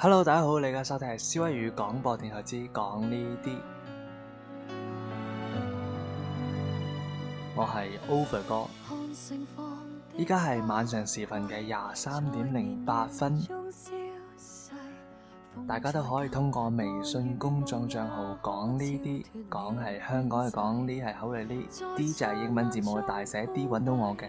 Hello，大家好，你嘅收聽係思威語廣播電台之講呢啲，我係 Over 哥，依家係晚上時分嘅廿三點零八分，大家都可以通過微信公眾賬號講呢啲，講係香港嘅講呢係口嘅呢啲就係英文字母嘅大寫 D 搵到我嘅。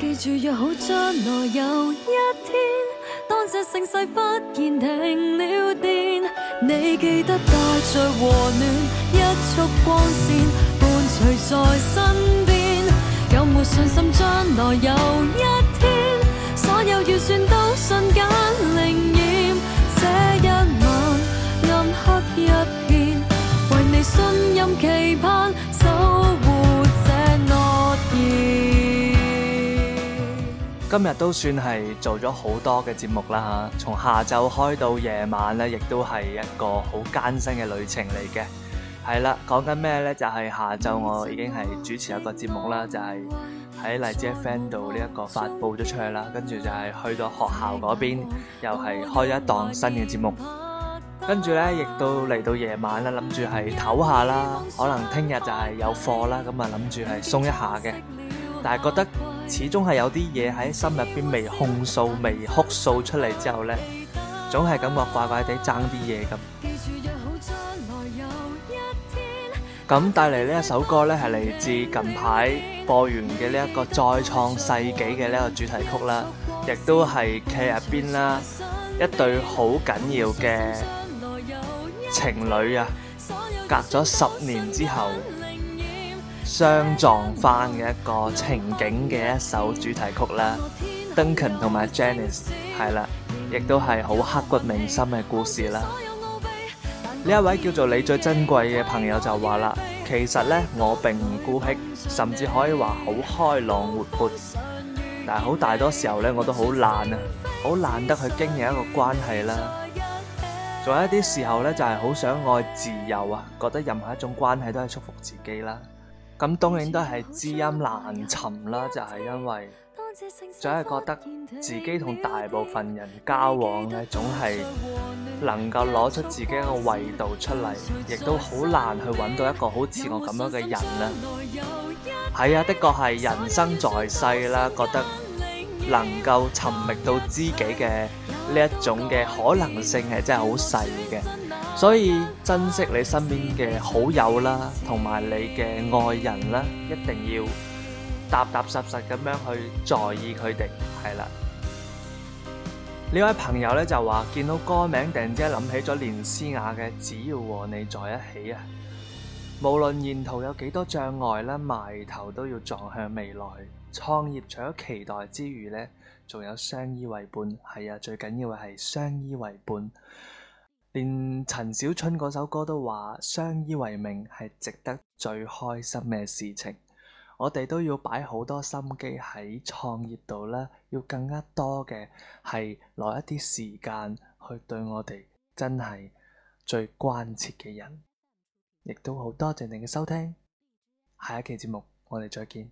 記住約好，將來有一天，當這盛世忽然停了電，你記得帶著和暖一束光線伴隨在身邊，有沒有信心，將來有一天，所有預算？今日都算係做咗好多嘅節目啦，吓，從下晝開到夜晚咧，亦都係一個好艱辛嘅旅程嚟嘅。係啦，講緊咩咧？就係下晝我已經係主持一個節目啦，就係喺荔枝 fm 度呢一個發布咗出去啦，跟住就係去到學校嗰邊，又係開咗一檔新嘅節目。跟住咧，亦都嚟到夜晚咧，諗住係唞下啦，可能聽日就係有課啦，咁啊諗住係鬆一下嘅，但係覺得。始終係有啲嘢喺心入邊未控訴、未哭訴出嚟之後呢，總係感覺怪怪地爭啲嘢咁。咁 帶嚟呢一首歌呢，係嚟自近排播完嘅呢一個再創世紀嘅呢個主題曲啦，亦都係劇入邊啦一對好緊要嘅情侶啊，隔咗十年之後。相撞翻嘅一個情景嘅一首主題曲啦，Duncan 同埋 Janice 係啦，亦都係好刻骨銘心嘅故事啦。呢一位叫做你最珍貴嘅朋友就話啦：其實呢，我並唔孤僻，甚至可以話好開朗活潑，但係好大多時候呢，我都好懶啊，好懶得去經營一個關係啦。仲有一啲時候呢，就係好想愛自由啊，覺得任何一種關係都係束縛自己啦。咁當然都係知音難尋啦，就係因為總係覺得自己同大部分人交往咧，總係能夠攞出自己個味道出嚟，亦都好難去揾到一個好似我咁樣嘅人啦。係啊，的確係人生在世啦，覺得能夠尋覓到知己嘅呢一種嘅可能性係真係好細嘅。所以珍惜你身邊嘅好友啦，同埋你嘅愛人啦，一定要踏踏實實咁樣去在意佢哋。係啦，呢位朋友咧就話見到歌名突然之間諗起咗連詩雅嘅《只要和你在一起》啊，無論沿途有幾多障礙咧，埋頭都要撞向未來。創業除咗期待之餘呢，仲有相依為伴。係啊，最緊要嘅係相依為伴。連陳小春嗰首歌都話，相依為命係值得最開心嘅事情。我哋都要擺好多心機喺創業度啦，要更加多嘅係攞一啲時間去對我哋真係最關切嘅人。亦都好多謝你嘅收聽，下一期節目我哋再見。